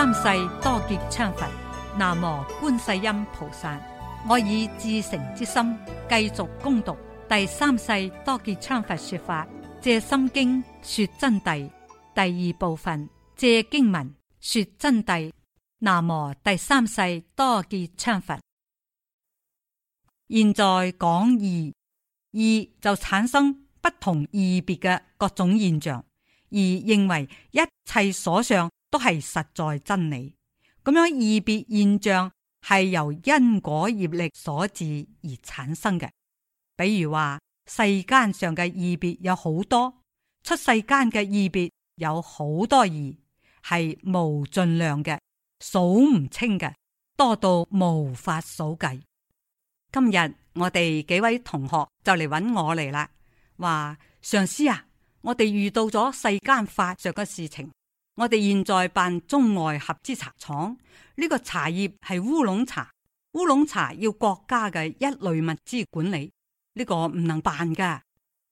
三世多杰羌佛，南無觀世音菩薩。我以至誠之心繼續攻讀第三世多杰羌佛說法，藉心經說真諦第二部分，藉經文說真諦。南無第三世多杰羌佛。現在講義，義就產生不同義別嘅各種現象，而認為一切所相。都係實在真理，咁樣異別現象係由因果業力所致而產生嘅。比如話，世間上嘅異別有好多，出世間嘅異別有好多意，係無盡量嘅，數唔清嘅，多到無法數計。今日我哋幾位同學就嚟揾我嚟啦，話上師啊，我哋遇到咗世間發生嘅事情。我哋現在辦中外合資茶廠，呢個茶葉係烏龍茶，烏龍茶要國家嘅一類物資管理，呢個唔能辦嘅，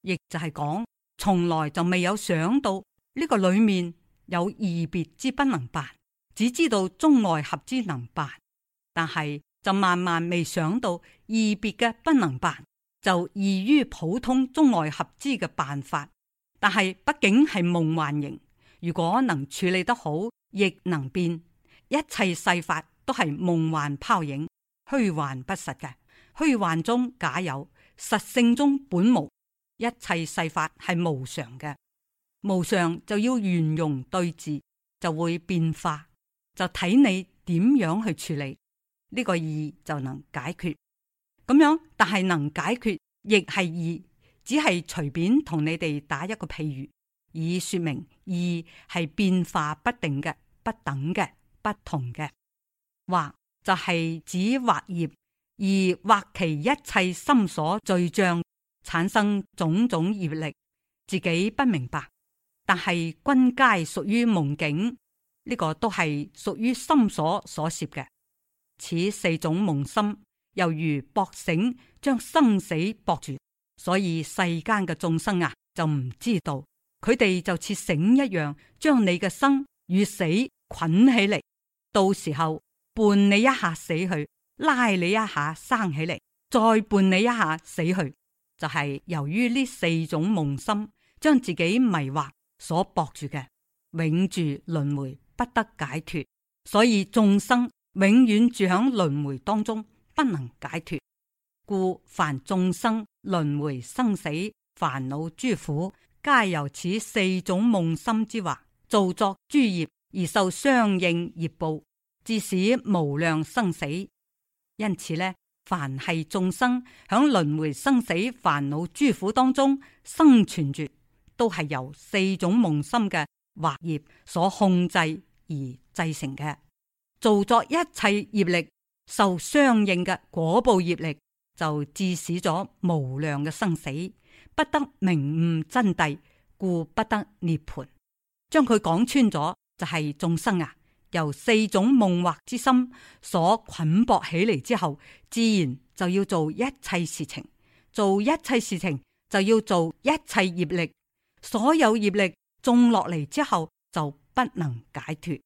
亦就係講從來就未有想到呢個裏面有異別之不能辦，只知道中外合資能辦，但係就萬萬未想到異別嘅不能辦就異於普通中外合資嘅辦法，但係畢竟係夢幻型。如果能處理得好，亦能變。一切世法都係夢幻泡影，虛幻不實嘅。虛幻中假有，實性中本無。一切世法係無常嘅，無常就要圓融對治，就會變化。就睇你點樣去處理呢、這個義，就能解決咁樣。但係能解決，亦係義，只係隨便同你哋打一個譬如，以說明。二係變化不定嘅、不等嘅、不同嘅，或就係指惑業，而惑其一切心所罪障，產生種種業力，自己不明白，但係均皆屬於夢境，呢、這個都係屬於心所所攝嘅。此四種夢心，猶如縛繩，將生死縛住，所以世間嘅眾生啊，就唔知道。佢哋就似繩一樣，將你嘅生與死捆起嚟，到時候伴你一下死去，拉你一下生起嚟，再伴你一下死去。就係由於呢四種夢心，將自己迷惑所搏住嘅，永住輪回，不得解脫。所以眾生永遠住喺輪回當中，不能解脫。故凡眾生輪回生死、煩惱諸苦。皆由此四種夢心之惑，造作諸業而受相應業報，致使無量生死。因此呢，凡係眾生響輪回生死、煩惱諸苦當中生存住，都係由四種夢心嘅惑業所控制而製成嘅。造作一切業力，受相應嘅果報業力，就致使咗無量嘅生死。不得明悟真諦，故不得涅槃。將佢講穿咗，就係眾生啊，由四種夢惑之心所捆綁起嚟之後，自然就要做一切事情。做一切事情就要做一切業力，所有業力種落嚟之後就不能解脱，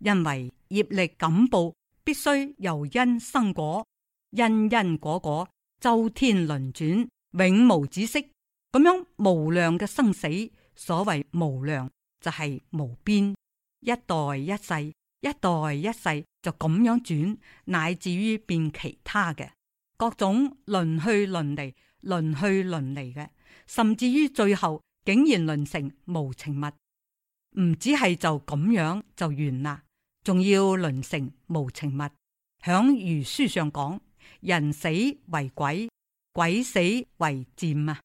因為業力感報必須由因生果，因因果果，周天輪轉，永無止息。咁樣無量嘅生死，所謂無量就係、是、無邊，一代一世，一代一世就咁樣轉，乃至於變其他嘅各種輪去輪嚟，輪去輪嚟嘅，甚至於最後竟然輪成無情物，唔止係就咁樣就完啦，仲要輪成無情物。響儒書上講，人死為鬼，鬼死為賤啊。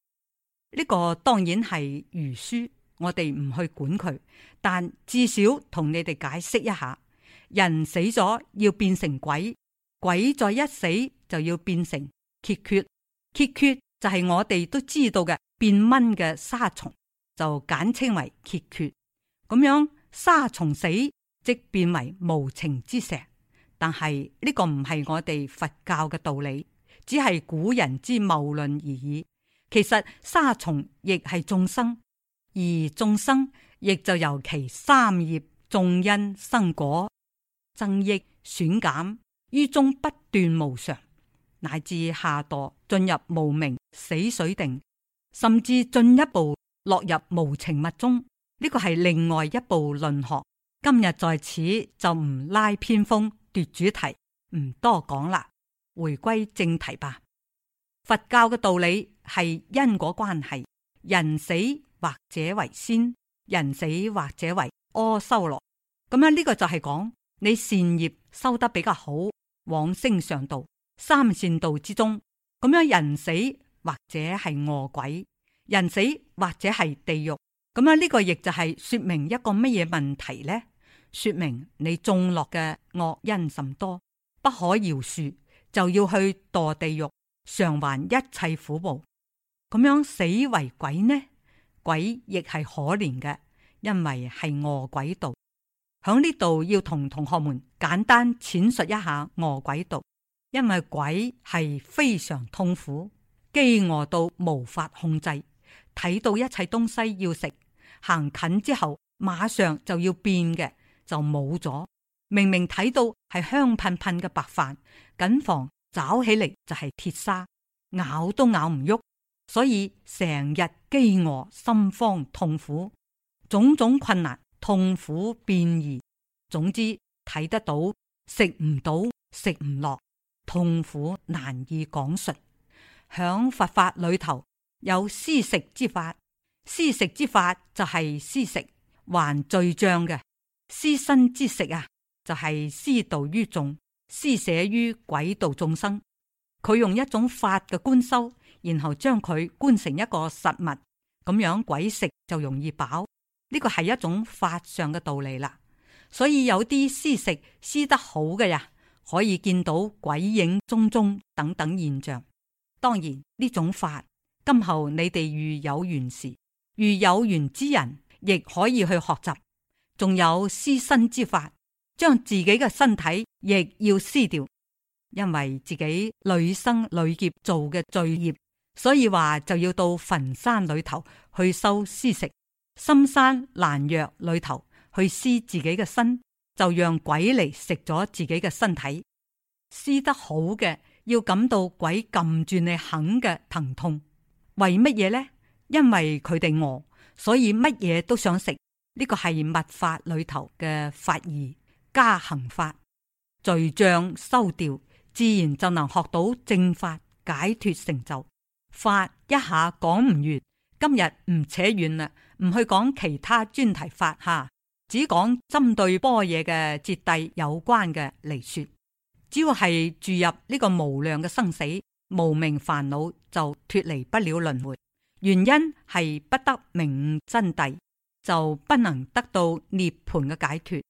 呢個當然係儒書，我哋唔去管佢，但至少同你哋解釋一下：人死咗要變成鬼，鬼再一死就要變成孑孓，孑孓就係我哋都知道嘅變蚊嘅沙蟲，就簡稱為孑孓。咁樣沙蟲死即變為無情之石，但係呢、這個唔係我哋佛教嘅道理，只係古人之謬論而已。其實沙蟲亦係眾生，而眾生亦就由其三業種因生果，增益損減於中不斷無常，乃至下墮進入無明死水定，甚至進一步落入無情物中。呢個係另外一部論學。今日在此就唔拉偏鋒奪主題，唔多講啦，回歸正題吧。佛教嘅道理係因果關係，人死或者為仙，人死或者為阿修羅。咁樣呢個就係講你善業修得比較好，往生上道，三善道之中。咁樣人死或者係餓鬼，人死或者係地獄。咁樣呢個亦就係說明一個乜嘢問題呢？說明你種落嘅惡因甚多，不可饒恕，就要去墮地獄。償還一切苦報，咁樣死為鬼呢？鬼亦係可憐嘅，因為係餓鬼道。響呢度要同同學們簡單闡述一下餓鬼道，因為鬼係非常痛苦，飢餓到無法控制，睇到一切東西要食，行近之後馬上就要變嘅就冇咗。明明睇到係香噴噴嘅白飯，謹防。找起嚟就係鐵砂，咬都咬唔喐，所以成日飢餓、心慌、痛苦，種種困難、痛苦變異。總之，睇得到，食唔到，食唔落，痛苦難以講述。響佛法裏頭有施食之法，施食之法就係施食還罪障嘅施身之食啊，就係施度於眾。施捨於鬼道眾生，佢用一種法嘅觀修，然後將佢觀成一個實物，咁樣鬼食就容易飽。呢個係一種法上嘅道理啦。所以有啲施食施得好嘅呀，可以見到鬼影蹤蹤等等現象。當然呢種法，今後你哋遇有緣時，遇有緣之人，亦可以去學習。仲有施身之法，將自己嘅身體，亦要撕掉，因為自己累生累劫做嘅罪孽，所以話就要到墳山裏頭去收屍食，深山難藥裏頭去撕自己嘅身，就讓鬼嚟食咗自己嘅身體。撕得好嘅，要感到鬼撳住你肯嘅疼痛。為乜嘢呢？因為佢哋餓，所以乜嘢都想食。呢、這個係密法裏頭嘅法義加行法。罪障收掉，自然就能學到正法，解脫成就。法一下講唔完，今日唔扯遠啦，唔去講其他專題法哈，只講針對般若嘅揭諦有關嘅嚟說。只要係注入呢個無量嘅生死無明煩惱，就脫離不了輪回。原因係不得明真諦，就不能得到涅槃嘅解脫。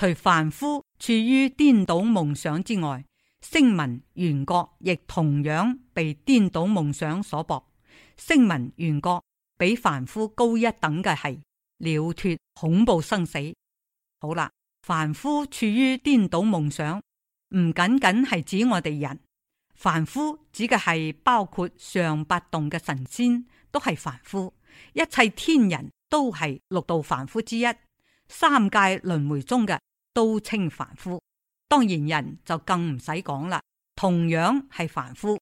除凡夫處於顛倒夢想之外，聲聞緣覺亦同樣被顛倒夢想所博。聲聞緣覺比凡夫高一等嘅係了脱恐怖生死。好啦，凡夫處於顛倒夢想，唔僅僅係指我哋人，凡夫指嘅係包括上八洞嘅神仙都係凡夫，一切天人都係六道凡夫之一，三界輪回中嘅。都稱凡夫，當然人就更唔使講啦。同樣係凡夫，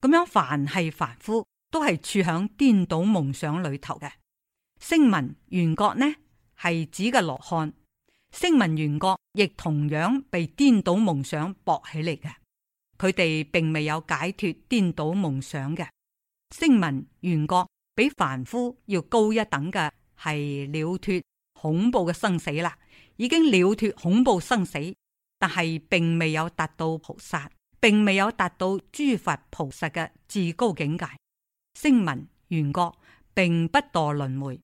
咁樣凡係凡夫，都係處響顛倒夢想裏頭嘅。聲聞緣覺呢，係指嘅羅漢，聲聞緣覺亦同樣被顛倒夢想博起嚟嘅。佢哋並未有解脱顛倒夢想嘅。聲聞緣覺比凡夫要高一等嘅，係了脱恐怖嘅生死啦。已經了脱恐怖生死，但係並未有達到菩薩，並未有達到諸佛菩薩嘅至高境界。聲聞緣覺並不墮輪回，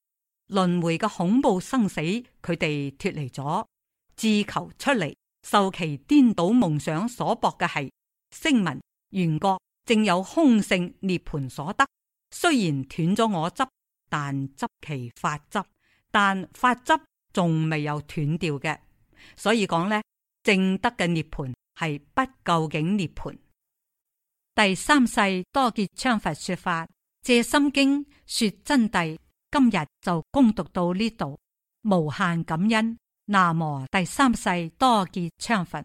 輪回嘅恐怖生死佢哋脫離咗，自求出嚟，受其顛倒夢想所縛嘅係聲聞緣覺正有空性涅槃所得。雖然斷咗我執，但執其法執，但法執。仲未有斷掉嘅，所以講呢，正德嘅涅槃係不究竟涅槃。第三世多杰羌佛說法《藉心經》說真諦，今日就恭讀到呢度，無限感恩。那麼第三世多杰羌佛。